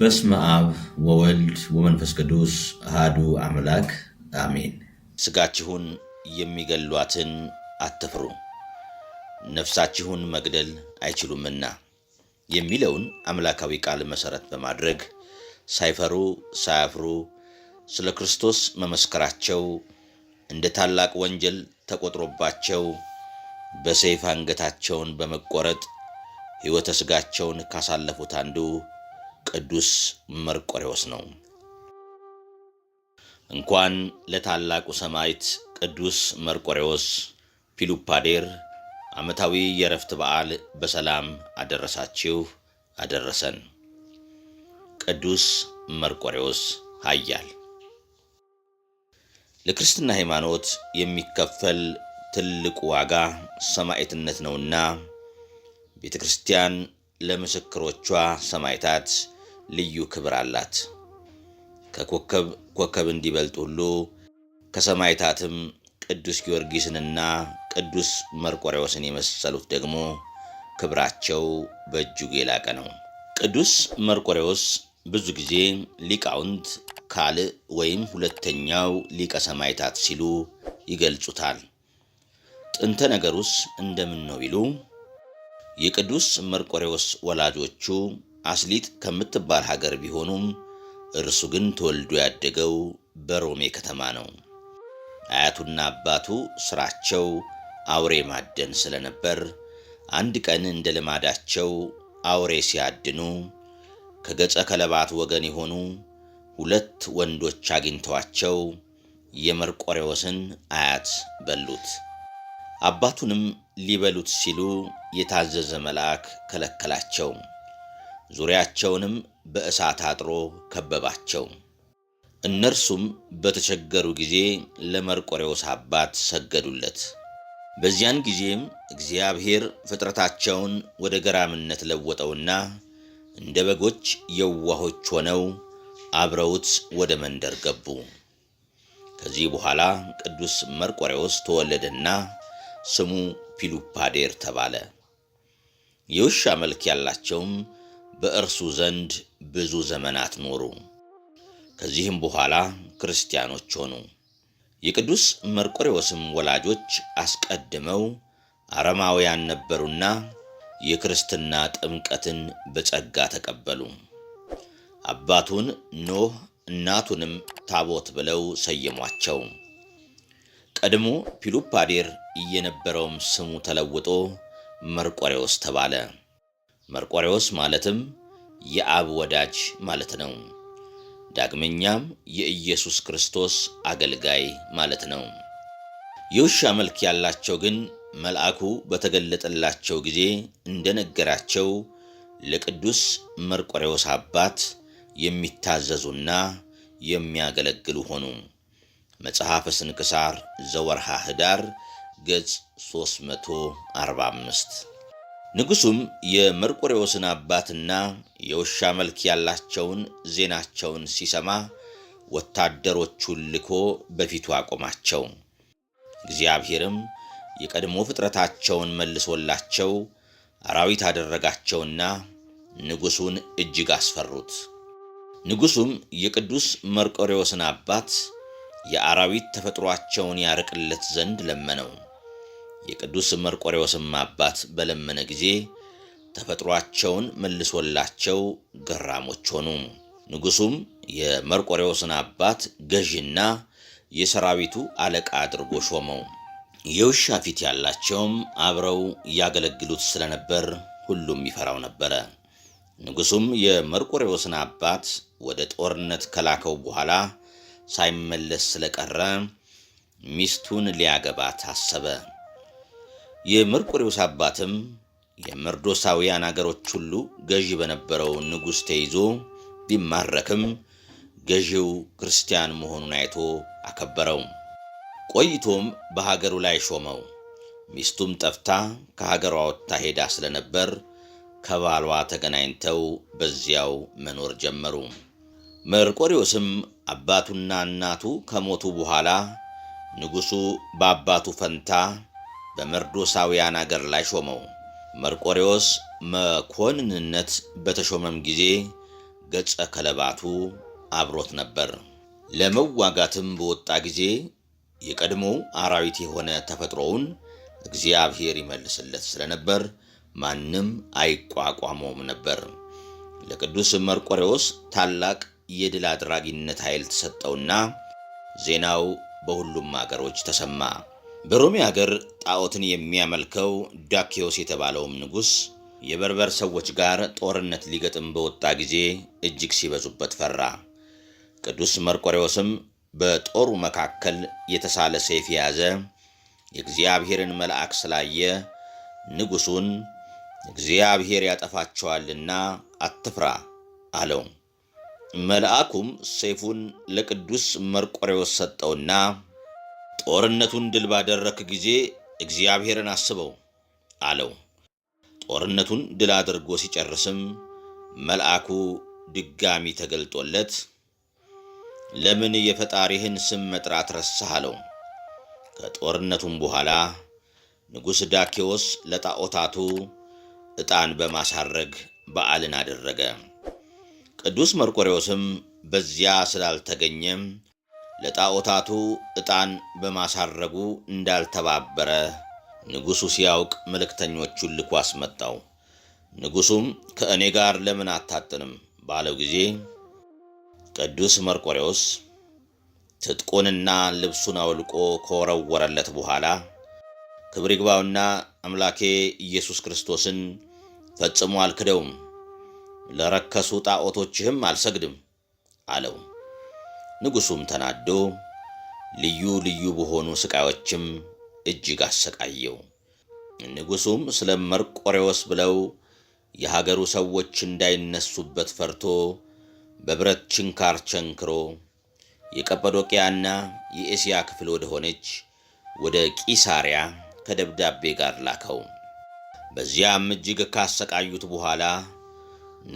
በስመ አብ ወወልድ ወመንፈስ ቅዱስ አሃዱ አምላክ አሜን። ስጋችሁን የሚገሏትን አትፍሩ፣ ነፍሳችሁን መግደል አይችሉምና የሚለውን አምላካዊ ቃል መሠረት በማድረግ ሳይፈሩ ሳያፍሩ ስለ ክርስቶስ መመስከራቸው እንደ ታላቅ ወንጀል ተቆጥሮባቸው በሰይፍ አንገታቸውን በመቆረጥ ሕይወተ ሥጋቸውን ካሳለፉት አንዱ ቅዱስ መርቆሬዎስ ነው። እንኳን ለታላቁ ሰማዕት ቅዱስ መርቆሬዎስ ፒሉፓዴር ዓመታዊ የእረፍት በዓል በሰላም አደረሳችሁ አደረሰን። ቅዱስ መርቆሬዎስ ኃያል ለክርስትና ሃይማኖት የሚከፈል ትልቁ ዋጋ ሰማዕትነት ነውና ቤተ ክርስቲያን ለምስክሮቿ ሰማዕታት ልዩ ክብር አላት። ከኮከብ ኮከብ እንዲበልጥ ሁሉ ከሰማይታትም ቅዱስ ጊዮርጊስንና ቅዱስ መርቆሬዎስን የመሰሉት ደግሞ ክብራቸው በእጅጉ የላቀ ነው። ቅዱስ መርቆሬዎስ ብዙ ጊዜ ሊቃውንት ካል ወይም ሁለተኛው ሊቀ ሰማይታት ሲሉ ይገልጹታል። ጥንተ ነገሩስ እንደምን ነው ቢሉ የቅዱስ መርቆሬዎስ ወላጆቹ አስሊጥ ከምትባል ሀገር ቢሆኑም እርሱ ግን ተወልዶ ያደገው በሮሜ ከተማ ነው። አያቱና አባቱ ስራቸው አውሬ ማደን ስለነበር አንድ ቀን እንደ ልማዳቸው አውሬ ሲያድኑ ከገጸ ከለባት ወገን የሆኑ ሁለት ወንዶች አግኝተዋቸው የመርቆሬዎስን አያት በሉት። አባቱንም ሊበሉት ሲሉ የታዘዘ መልአክ ከለከላቸው። ዙሪያቸውንም በእሳት አጥሮ ከበባቸው። እነርሱም በተቸገሩ ጊዜ ለመርቆሬዎስ አባት ሰገዱለት። በዚያን ጊዜም እግዚአብሔር ፍጥረታቸውን ወደ ገራምነት ለወጠውና እንደ በጎች የዋሆች ሆነው አብረውት ወደ መንደር ገቡ። ከዚህ በኋላ ቅዱስ መርቆሬዎስ ተወለደና ስሙ ፒሉፓዴር ተባለ። የውሻ መልክ ያላቸውም በእርሱ ዘንድ ብዙ ዘመናት ኖሩ። ከዚህም በኋላ ክርስቲያኖች ሆኑ። የቅዱስ መርቆሬዎስም ወላጆች አስቀድመው አረማውያን ነበሩና የክርስትና ጥምቀትን በጸጋ ተቀበሉ። አባቱን ኖህ እናቱንም ታቦት ብለው ሰየሟቸው። ቀድሞ ፒሉፓዴር እየነበረውም ስሙ ተለውጦ መርቆሬዎስ ተባለ። መርቆሬዎስ ማለትም የአብ ወዳጅ ማለት ነው። ዳግመኛም የኢየሱስ ክርስቶስ አገልጋይ ማለት ነው። የውሻ መልክ ያላቸው ግን መልአኩ በተገለጠላቸው ጊዜ እንደነገራቸው ለቅዱስ መርቆሬዎስ አባት የሚታዘዙና የሚያገለግሉ ሆኑ። መጽሐፈ ስንክሳር ዘወርሃ ኅዳር ገጽ 345 ንጉሱም የመርቆሬዎስን አባትና የውሻ መልክ ያላቸውን ዜናቸውን ሲሰማ ወታደሮቹን ልኮ በፊቱ አቆማቸው። እግዚአብሔርም የቀድሞ ፍጥረታቸውን መልሶላቸው አራዊት አደረጋቸውና ንጉሡን እጅግ አስፈሩት። ንጉሱም የቅዱስ መርቆሬዎስን አባት የአራዊት ተፈጥሯቸውን ያርቅለት ዘንድ ለመነው። የቅዱስ መርቆሬዎስም አባት በለመነ ጊዜ ተፈጥሯቸውን መልሶላቸው ገራሞች ሆኑ። ንጉሡም የመርቆሬዎስን አባት ገዢና የሰራዊቱ አለቃ አድርጎ ሾመው። የውሻ ፊት ያላቸውም አብረው ያገለግሉት ስለነበር ሁሉም ይፈራው ነበረ። ንጉሡም የመርቆሬዎስን አባት ወደ ጦርነት ከላከው በኋላ ሳይመለስ ስለቀረ ሚስቱን ሊያገባ ታሰበ። የመርቆሬዎስ አባትም የመርዶሳውያን አገሮች ሁሉ ገዢ በነበረው ንጉሥ ተይዞ ቢማረክም ገዢው ክርስቲያን መሆኑን አይቶ አከበረው። ቆይቶም በሀገሩ ላይ ሾመው። ሚስቱም ጠፍታ ከሀገሯ ወጥታ ሄዳ ስለነበር ከባሏ ተገናኝተው በዚያው መኖር ጀመሩ። መርቆሬዎስም አባቱና እናቱ ከሞቱ በኋላ ንጉሡ በአባቱ ፈንታ በመርዶሳውያን አገር ላይ ሾመው። መርቆሬዎስ መኮንንነት በተሾመም ጊዜ ገጸ ከለባቱ አብሮት ነበር። ለመዋጋትም በወጣ ጊዜ የቀድሞው አራዊት የሆነ ተፈጥሮውን እግዚአብሔር ይመልስለት ስለነበር ማንም አይቋቋመውም ነበር። ለቅዱስ መርቆሬዎስ ታላቅ የድል አድራጊነት ኃይል ተሰጠውና ዜናው በሁሉም አገሮች ተሰማ። በሮሜ አገር ጣዖትን የሚያመልከው ዳኪዮስ የተባለውም ንጉሥ የበርበር ሰዎች ጋር ጦርነት ሊገጥም በወጣ ጊዜ እጅግ ሲበዙበት ፈራ። ቅዱስ መርቆሬዎስም በጦሩ መካከል የተሳለ ሰይፍ የያዘ የእግዚአብሔርን መልአክ ስላየ ንጉሡን እግዚአብሔር ያጠፋቸዋልና አትፍራ አለው። መልአኩም ሰይፉን ለቅዱስ መርቆሬዎስ ሰጠውና ጦርነቱን ድል ባደረክ ጊዜ እግዚአብሔርን አስበው አለው። ጦርነቱን ድል አድርጎ ሲጨርስም መልአኩ ድጋሚ ተገልጦለት ለምን የፈጣሪህን ስም መጥራት ረሳህ? አለው። ከጦርነቱም በኋላ ንጉሥ ዳኬዎስ ለጣዖታቱ ዕጣን በማሳረግ በዓልን አደረገ። ቅዱስ መርቆሬዎስም በዚያ ስላልተገኘም ለጣዖታቱ ዕጣን በማሳረጉ እንዳልተባበረ ንጉሡ ሲያውቅ መልእክተኞቹን ልኮ አስመጣው። ንጉሡም ከእኔ ጋር ለምን አታጥንም ባለው ጊዜ ቅዱስ መርቆሬዎስ ትጥቁንና ልብሱን አውልቆ ከወረወረለት በኋላ ክብር ይግባውና አምላኬ ኢየሱስ ክርስቶስን ፈጽሞ አልክደውም፣ ለረከሱ ጣዖቶችህም አልሰግድም አለው። ንጉሡም ተናዶ ልዩ ልዩ በሆኑ ሥቃዮችም እጅግ አሰቃየው። ንጉሡም ስለ መርቆሬዎስ ብለው የሀገሩ ሰዎች እንዳይነሱበት ፈርቶ በብረት ችንካር ቸንክሮ የቀጰዶቅያና የኤስያ ክፍል ወደ ሆነች ወደ ቂሳሪያ ከደብዳቤ ጋር ላከው። በዚያም እጅግ ካሰቃዩት በኋላ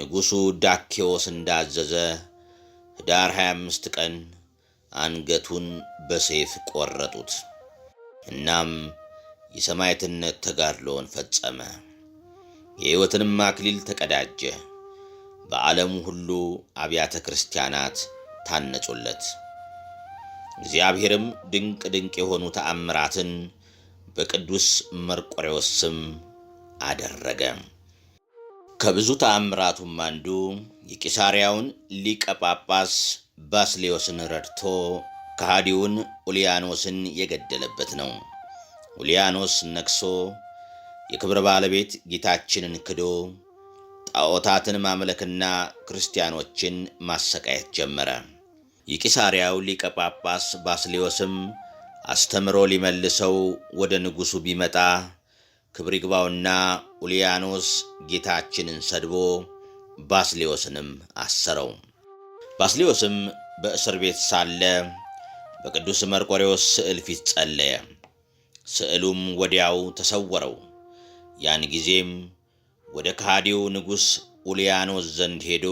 ንጉሡ ዳኬዎስ እንዳዘዘ ኅዳር 25 ቀን አንገቱን በሰይፍ ቆረጡት። እናም የሰማዕትነት ተጋድሎውን ፈጸመ። የሕይወትንም አክሊል ተቀዳጀ። በዓለሙ ሁሉ አብያተ ክርስቲያናት ታነጹለት። እግዚአብሔርም ድንቅ ድንቅ የሆኑ ተአምራትን በቅዱስ መርቆሬዎስ ስም አደረገ። ከብዙ ተአምራቱም አንዱ የቂሳሪያውን ሊቀ ጳጳስ ባስሌዮስን ረድቶ ከሃዲውን ኡልያኖስን የገደለበት ነው። ኡልያኖስ ነግሶ የክብር ባለቤት ጌታችንን ክዶ ጣዖታትን ማምለክና ክርስቲያኖችን ማሰቃየት ጀመረ። የቂሳሪያው ሊቀ ጳጳስ ባስሌዮስም አስተምሮ ሊመልሰው ወደ ንጉሡ ቢመጣ ክብር ይግባውና ኡልያኖስ ጌታችንን ሰድቦ ባስሌዎስንም አሰረው። ባስሌዎስም በእስር ቤት ሳለ በቅዱስ መርቆሬዎስ ስዕል ፊት ጸለየ። ስዕሉም ወዲያው ተሰወረው። ያን ጊዜም ወደ ከሃዲው ንጉሥ ኡልያኖስ ዘንድ ሄዶ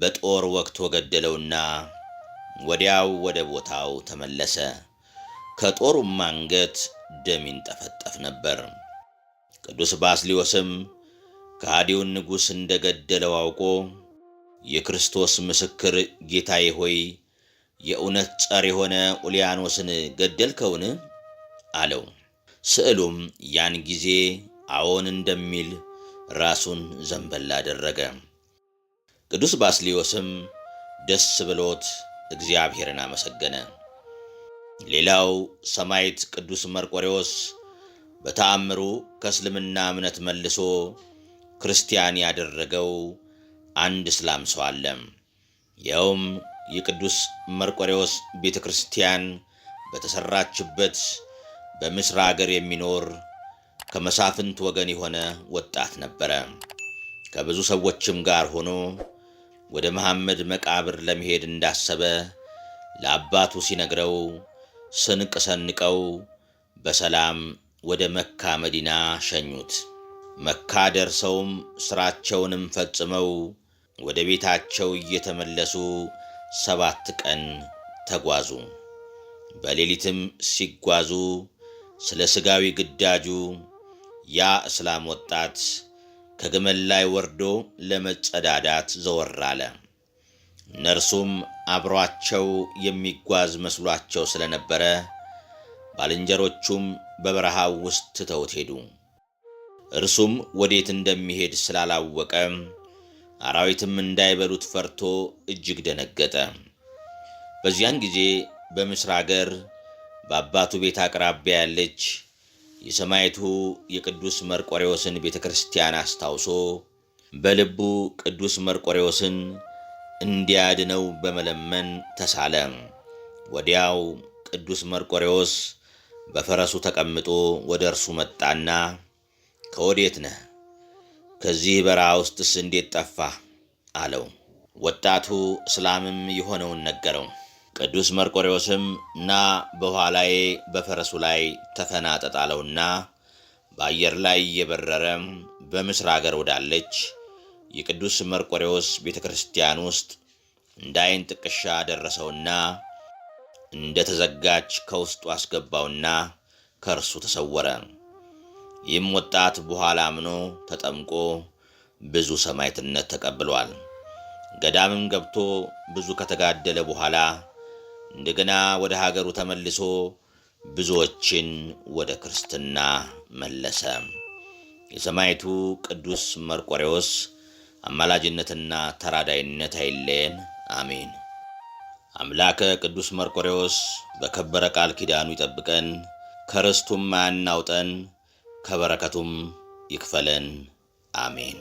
በጦር ወግቶ ገደለውና ወዲያው ወደ ቦታው ተመለሰ። ከጦሩም አንገት ደም ይንጠፈጠፍ ነበር። ቅዱስ ባስሊዮስም ከሃዲውን ንጉሥ እንደ ገደለው አውቆ የክርስቶስ ምስክር ጌታዬ ሆይ የእውነት ጸር የሆነ ኡልያኖስን ገደልከውን? አለው። ስዕሉም ያን ጊዜ አዎን እንደሚል ራሱን ዘንበል አደረገ። ቅዱስ ባስሊዮስም ደስ ብሎት እግዚአብሔርን አመሰገነ። ሌላው ሰማዕት ቅዱስ መርቆሬዎስ በተአምሩ ከእስልምና እምነት መልሶ ክርስቲያን ያደረገው አንድ እስላም ሰው አለ። ይኸውም የቅዱስ መርቆሬዎስ ቤተ ክርስቲያን በተሠራችበት በምስር አገር የሚኖር ከመሳፍንት ወገን የሆነ ወጣት ነበረ። ከብዙ ሰዎችም ጋር ሆኖ ወደ መሐመድ መቃብር ለመሄድ እንዳሰበ ለአባቱ ሲነግረው ስንቅ ሰንቀው በሰላም ወደ መካ መዲና ሸኙት። መካ ደርሰውም ሥራቸውንም ፈጽመው ወደ ቤታቸው እየተመለሱ ሰባት ቀን ተጓዙ። በሌሊትም ሲጓዙ ስለ ሥጋዊ ግዳጁ ያ እስላም ወጣት ከግመል ላይ ወርዶ ለመጸዳዳት ዘወር አለ። እነርሱም አብሯቸው የሚጓዝ መስሏቸው ስለነበረ ባልንጀሮቹም በበረሃው ውስጥ ትተውት ሄዱ። እርሱም ወዴት እንደሚሄድ ስላላወቀ አራዊትም እንዳይበሉት ፈርቶ እጅግ ደነገጠ። በዚያን ጊዜ በምስር አገር በአባቱ ቤት አቅራቢያ ያለች የሰማይቱ የቅዱስ መርቆሬዎስን ቤተ ክርስቲያን አስታውሶ በልቡ ቅዱስ መርቆሬዎስን እንዲያድነው በመለመን ተሳለ። ወዲያው ቅዱስ መርቆሬዎስ በፈረሱ ተቀምጦ ወደ እርሱ መጣና ከወዴት ነህ? ከዚህ በረሃ ውስጥስ እንዴት ጠፋ አለው። ወጣቱ እስላምም የሆነውን ነገረው። ቅዱስ መርቆሬዎስም ና በኋላዬ በፈረሱ ላይ ተፈናጠጣለውና በአየር ላይ እየበረረ በምስር አገር ወዳለች የቅዱስ መርቆሬዎስ ቤተ ክርስቲያን ውስጥ እንደ ዓይን ጥቅሻ ደረሰውና እንደተዘጋች ከውስጡ አስገባውና ከእርሱ ተሰወረ። ይህም ወጣት በኋላ አምኖ ተጠምቆ ብዙ ሰማዕትነት ተቀብሏል። ገዳምም ገብቶ ብዙ ከተጋደለ በኋላ እንደገና ወደ ሀገሩ ተመልሶ ብዙዎችን ወደ ክርስትና መለሰ። የሰማዕቱ ቅዱስ መርቆሬዎስ አማላጅነትና ተራዳይነት አይለየን፣ አሜን። አምላከ ቅዱስ መርቆሬዎስ በከበረ ቃል ኪዳኑ ይጠብቀን፣ ከርስቱም አያናውጠን፣ ከበረከቱም ይክፈለን። አሜን።